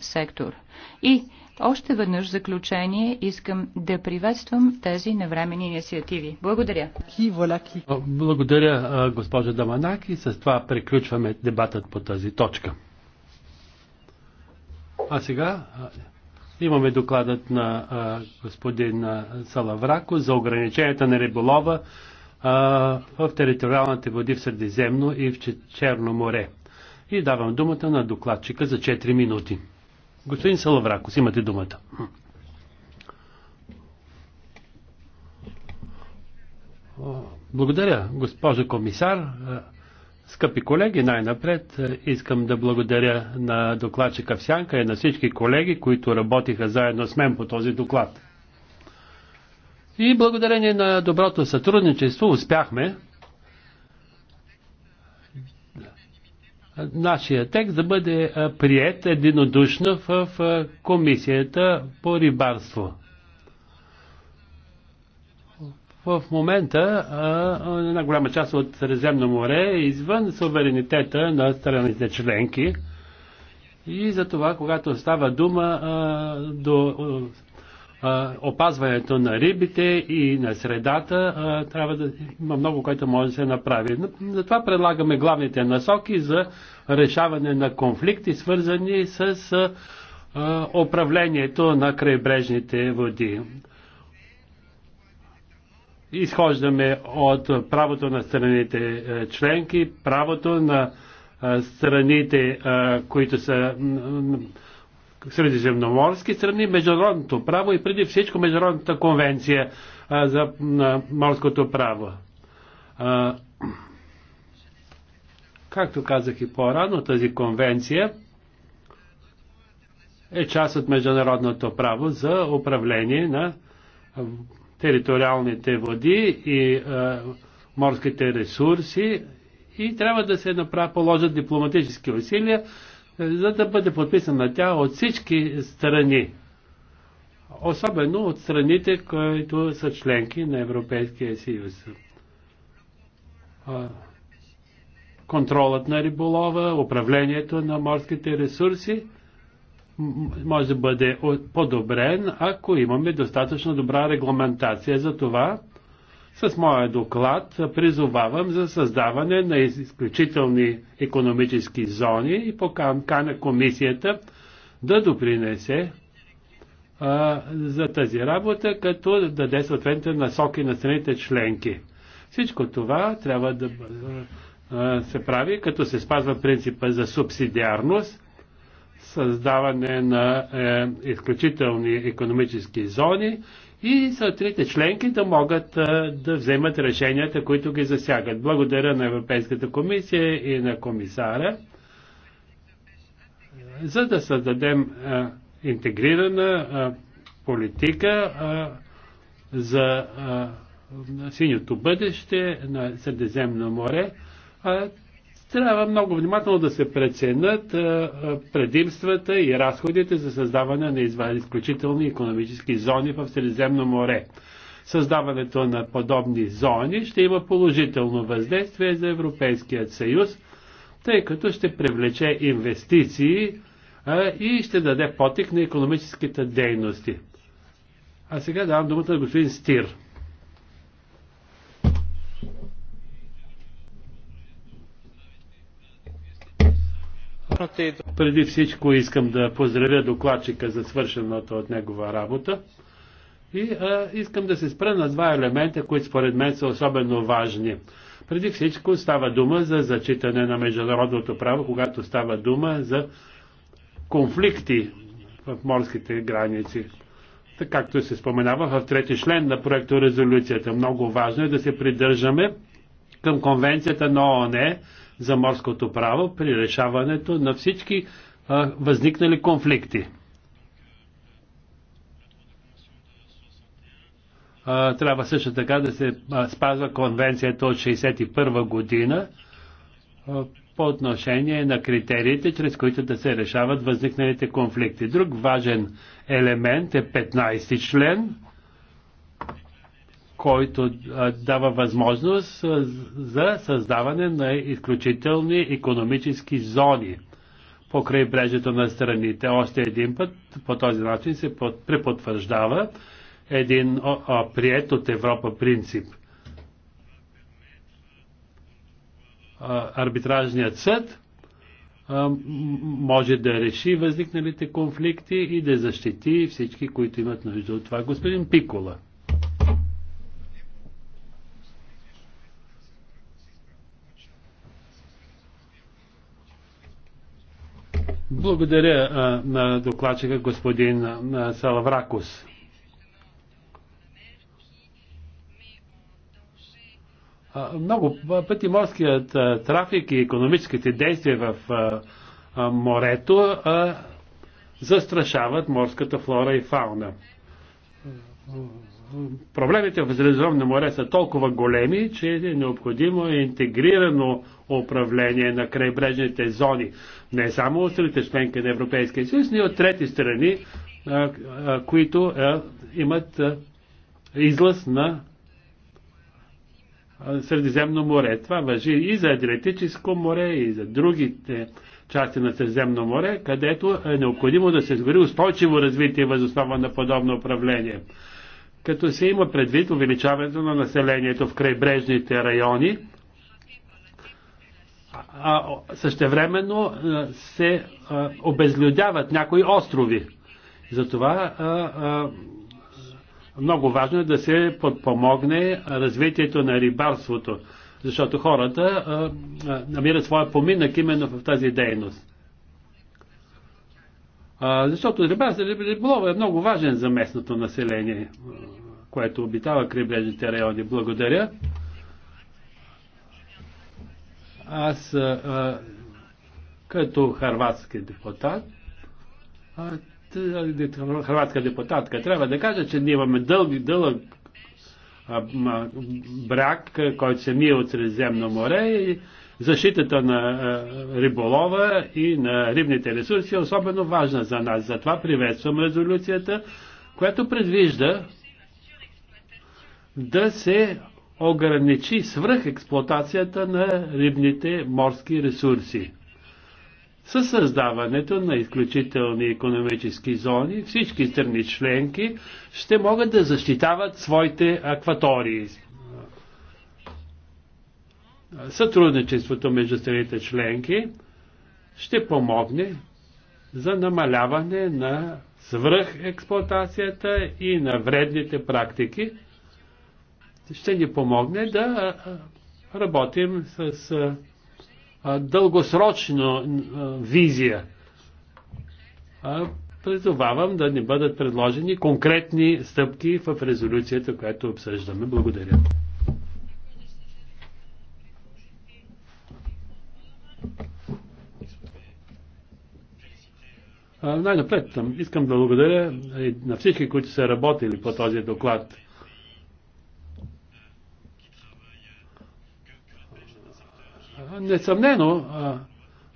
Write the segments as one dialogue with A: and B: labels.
A: сектор. И още веднъж заключение искам да приветствам тези навремени инициативи. Благодаря.
B: Благодаря, госпожа Даманак, и с това приключваме дебатът по тази точка. А сега имаме докладът на господин Салаврако за ограниченията на риболова в териториалните води в Средиземно и в Черно море. И давам думата на докладчика за 4 минути. Господин Салавракос, имате думата. Благодаря, госпожо комисар. Скъпи колеги, най-напред е, искам да благодаря на докладчика Всянка и на всички колеги, които работиха заедно с мен по този доклад. И благодарение на доброто сътрудничество успяхме нашия текст да бъде прият единодушно в комисията по рибарство. В момента една голяма част от Средиземно море е извън суверенитета на страните членки. И за това, когато става дума до опазването на рибите и на средата трябва да има много, което може да се направи. Затова предлагаме главните насоки за решаване на конфликти, свързани с управлението на крайбрежните води. Изхождаме от правото на страните членки, правото на страните, които са средиземноморски страни, международното право и преди всичко Международната конвенция а, за а, морското право. А, както казах и по-рано, тази конвенция е част от международното право за управление на териториалните води и а, морските ресурси и трябва да се направи, положат дипломатически усилия за да бъде подписана тя от всички страни. Особено от страните, които са членки на Европейския съюз. Контролът на риболова, управлението на морските ресурси може да бъде подобрен, ако имаме достатъчно добра регламентация за това с моя доклад призовавам за създаване на изключителни економически зони и на комисията да допринесе а, за тази работа, като даде съответните насоки на страните членки. Всичко това трябва да а, се прави, като се спазва принципа за субсидиарност, създаване на е, изключителни економически зони и са трите членки да могат да вземат решенията, които ги засягат. Благодаря на Европейската комисия и на комисара, за да създадем интегрирана политика за синьото бъдеще на Средиземно море. Трябва много внимателно да се преценят предимствата и разходите за създаване на изключителни економически зони в Средиземно море. Създаването на подобни зони ще има положително въздействие за Европейският съюз, тъй като ще привлече инвестиции и ще даде потик на економическите дейности. А сега давам думата на господин Стир. Преди всичко искам да поздравя докладчика за свършената от негова работа и а, искам да се спра на два елемента, които според мен са особено важни. Преди всичко става дума за зачитане на международното право, когато става дума за конфликти в морските граници. Така както се споменава в трети член на проекто резолюцията. Много важно е да се придържаме към Конвенцията на ООН за морското право при решаването на всички а, възникнали конфликти. А, трябва също така да се а, спазва конвенцията от 1961 година а, по отношение на критериите, чрез които да се решават възникналите конфликти. Друг важен елемент е 15 член който дава възможност за създаване на изключителни економически зони покрай брежето на страните. Още един път по този начин се препотвърждава един прият от Европа принцип. Арбитражният съд може да реши възникналите конфликти и да защити всички, които имат нужда от това. Господин Пикола. Благодаря а, на докладчика господин Салавракус. А, много пъти морският а, трафик и економическите действия в а, а, морето а, застрашават морската флора и фауна проблемите в Средиземно море са толкова големи, че е необходимо интегрирано управление на крайбрежните зони. Не само от страните членки на Европейския съюз, но и от трети страни, които имат излъз на Средиземно море. Това въжи и за Адриатическо море, и за другите части на Средиземно море, където е необходимо да се изгори устойчиво развитие възоснова на подобно управление като се има предвид увеличаването на населението в крайбрежните райони, а същевременно се обезлюдяват някои острови. Затова много важно е да се подпомогне развитието на рибарството, защото хората намират своя поминък именно в тази дейност. А, защото риболова е много важен за местното население, което обитава крайбрежните райони. Благодаря. Аз а, като харватски депутат, а, харватска депутатка, трябва да кажа, че ние имаме дълги, дълъг брак, който се мие от Средиземно море и Защитата на е, риболова и на рибните ресурси е особено важна за нас. Затова приветствам резолюцията, която предвижда да се ограничи експлуатацията на рибните морски ресурси. Със създаването на изключителни економически зони всички страни членки ще могат да защитават своите акватории сътрудничеството между страните членки ще помогне за намаляване на експлуатацията и на вредните практики. Ще ни помогне да работим с дългосрочна визия. Призовавам да ни бъдат предложени конкретни стъпки в резолюцията, която обсъждаме. Благодаря. Най-напред искам да благодаря на всички, които са работили по този доклад. Несъмнено,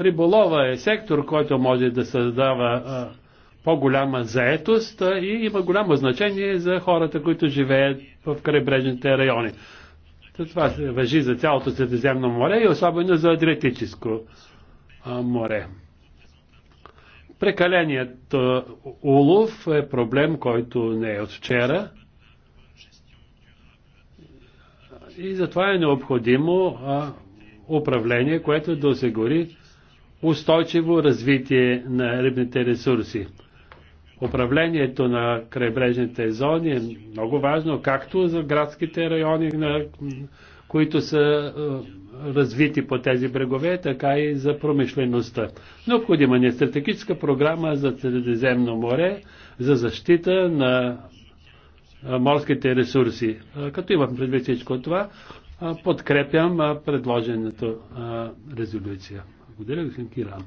B: риболова е сектор, който може да създава по-голяма заетост и има голямо значение за хората, които живеят в крайбрежните райони. Това се въжи за цялото Средиземно море и особено за Адриатическо море. Прекаленият е, улов е проблем, който не е от вчера. И затова е необходимо управление, което да осигури устойчиво развитие на рибните ресурси. Управлението на крайбрежните зони е много важно, както за градските райони на които са е, развити по тези брегове, така и за промишлеността. Необходима ни е стратегическа програма за Средиземно море за защита на е, морските ресурси. Е, като имам предвид всичко това, подкрепям предложената резолюция. Благодаря, господин Киран.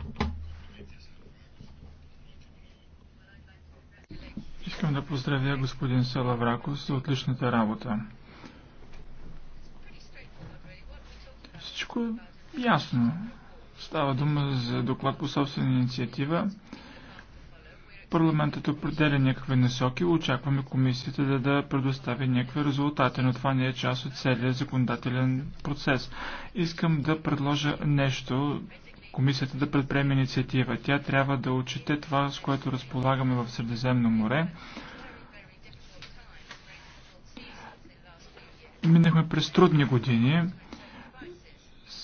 C: Искам да поздравя господин Салавракос за отличната работа. всичко ясно. Става дума за доклад по собствена инициатива. Парламентът определя някакви насоки, очакваме комисията да, да предостави някакви резултати, но това не е част от целият законодателен процес. Искам да предложа нещо, комисията да предприеме инициатива. Тя трябва да отчете това, с което разполагаме в Средиземно море. Минахме през трудни години.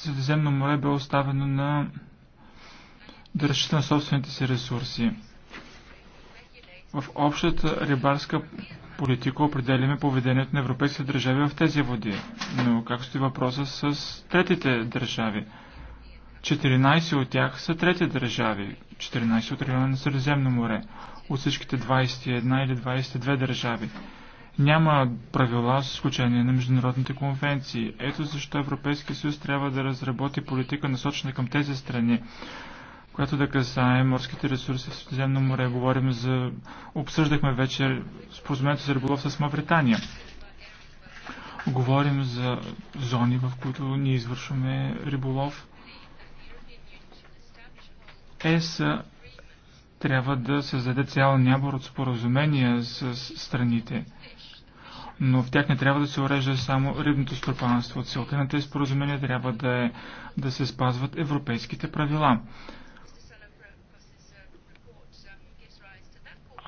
C: Средиземно море бе оставено на да разчита на собствените си ресурси. В общата рибарска политика определяме поведението на европейските държави в тези води. Но как стои въпроса с третите държави? 14 от тях са трети държави, 14 от района на Средиземно море, от всичките 21 или 22 държави. Няма правила с изключение на международните конвенции. Ето защо Европейския съюз трябва да разработи политика насочена към тези страни, която да касае морските ресурси в Средиземно море. Говорим за... Обсъждахме вече споразумението за риболов с Мавритания. Говорим за зони, в които ние извършваме риболов. ЕС трябва да създаде цял набор от споразумения с страните – но в тях не трябва да се урежда само рибното стопанство. Целта на тези споразумения трябва да е да се спазват европейските правила.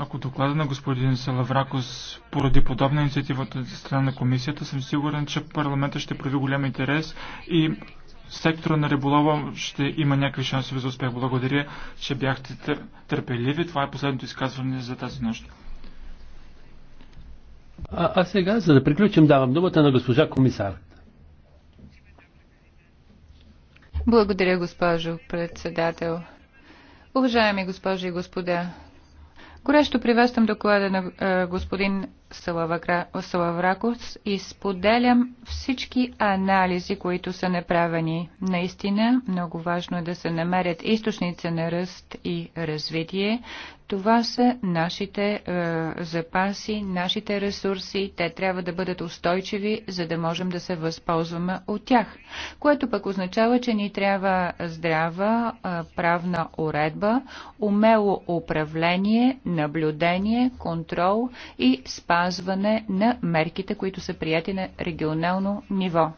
C: Ако доклада на господин Салавракос поради подобна инициатива от страна на комисията, съм сигурен, че парламента ще прояви голям интерес и сектора на риболова ще има някакви шансове за успех. Благодаря, че бяхте търпеливи. Това е последното изказване за тази нощ.
B: А, а сега, за да приключим, давам думата на госпожа комисар.
A: Благодаря, госпожо председател. Уважаеми госпожи и господа, горещо приветствам доклада на господин Салавракос и споделям всички анализи, които са направени. Наистина, много важно е да се намерят източници на ръст и развитие. Това са нашите е, запаси, нашите ресурси. Те трябва да бъдат устойчиви, за да можем да се възползваме от тях. Което пък означава, че ни трябва здрава е, правна уредба, умело управление, наблюдение, контрол и спазване спазване на мерките, които са прияти на регионално ниво.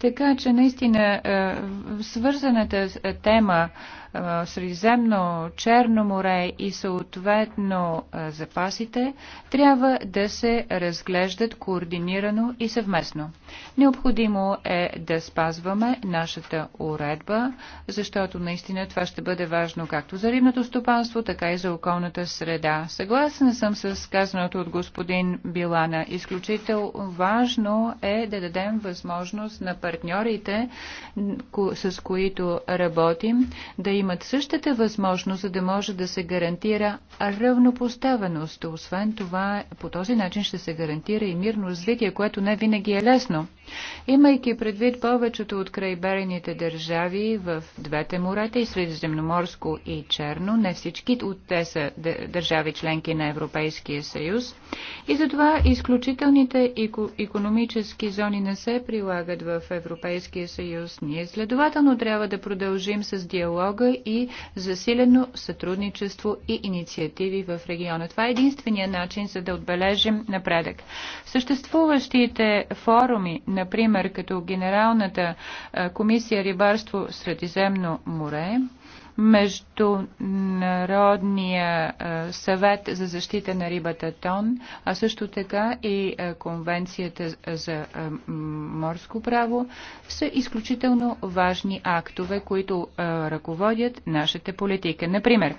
A: Така че наистина е, свързаната е, тема е, Средиземно, Черно море и съответно запасите трябва да се разглеждат координирано и съвместно. Необходимо е да спазваме нашата уредба, защото наистина това ще бъде важно както за рибното стопанство, така и за околната среда. Съгласен съм с казаното от господин Билана. Изключително важно е да дадем възможност на партньорите, с които работим, да имат същата възможност, за да може да се гарантира равнопоставеност. Освен това, по този начин ще се гарантира и мирно развитие, което не винаги е лесно. Имайки предвид повечето от крайберените държави в двете морета и Средиземноморско и Черно, не всички от те са държави членки на Европейския съюз и затова изключителните економически зони не се прилагат в Европейския съюз. Ние следователно трябва да продължим с диалога и засилено сътрудничество и инициативи в региона. Това е единствения начин за да отбележим напредък. Съществуващите форуми на например, като Генералната комисия Рибарство Средиземно море, Международния съвет за защита на рибата Тон, а също така и Конвенцията за морско право са изключително важни актове, които ръководят нашата политика. Например,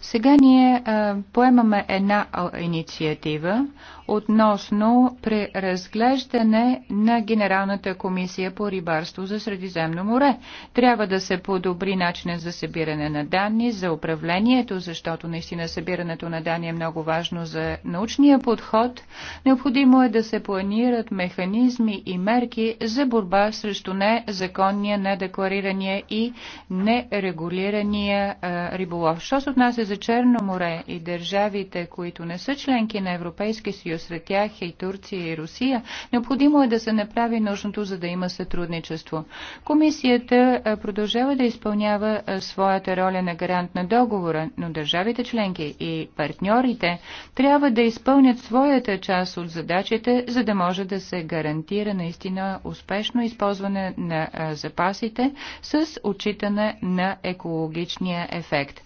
A: сега ние а, поемаме една инициатива относно преразглеждане на Генералната комисия по рибарство за Средиземно море. Трябва да се подобри начинът за събиране на данни, за управлението, защото наистина събирането на данни е много важно за научния подход. Необходимо е да се планират механизми и мерки за борба срещу незаконния, недекларирания и нерегулирания а, риболов. Що се отнася за Черно море и държавите, които не са членки на Европейския съюз, сред тях е и Турция и Русия, необходимо е да се направи нужното, за да има сътрудничество. Комисията продължава да изпълнява своята роля на гарант на договора, но държавите членки и партньорите трябва да изпълнят своята част от задачите, за да може да се гарантира наистина успешно използване на запасите с отчитане на екологичния ефект.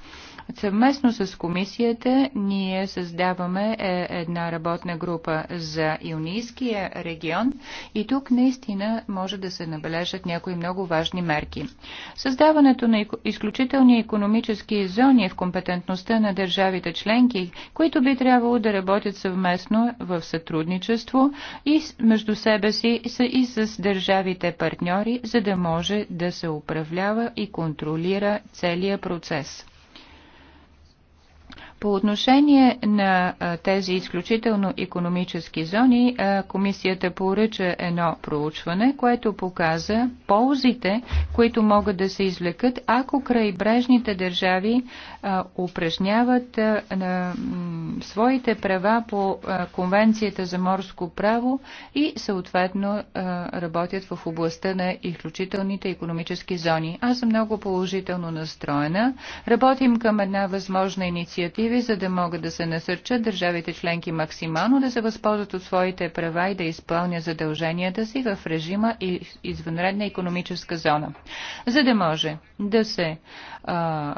A: Съвместно Съвместно с комисията ние създаваме е, една работна група за Юнийския регион и тук наистина може да се набележат някои много важни мерки. Създаването на изключителни економически зони е в компетентността на държавите членки, които би трябвало да работят съвместно в сътрудничество и между себе си и с държавите партньори, за да може да се управлява и контролира целият процес. По отношение на тези изключително економически зони, комисията поръча едно проучване, което показа ползите, които могат да се извлекат, ако крайбрежните държави упражняват своите права по Конвенцията за морско право и съответно работят в областта на изключителните економически зони. Аз съм много положително настроена. Работим към една възможна инициатива, за да могат да се насърчат държавите членки максимално да се възползват от своите права и да изпълнят задълженията си в режима и извънредна економическа зона, за да може да се а,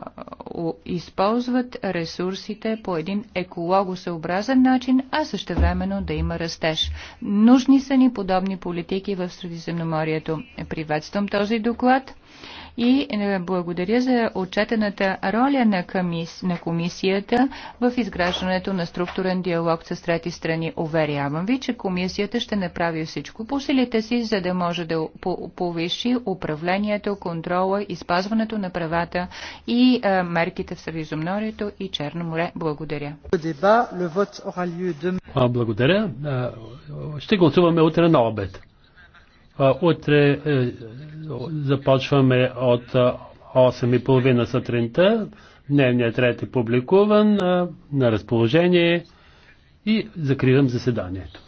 A: използват ресурсите по един екологичен екологосъобразен начин, а също времено да има растеж. Нужни са ни подобни политики в Средиземноморието. Приветствам този доклад и е, благодаря за отчетената роля на, комис... на комисията в изграждането на структурен диалог с трети страни. Уверявам ви, че комисията ще направи всичко по силите си, за да може да повиши управлението, контрола, изпазването на правата и а, е, мерките в Средиземноморието и Черно море. Благодаря.
B: Благодаря. Ще гласуваме утре на обед. Утре е, започваме от 8.30 сутринта. Дневният ред е публикуван
C: на разположение и закривам заседанието.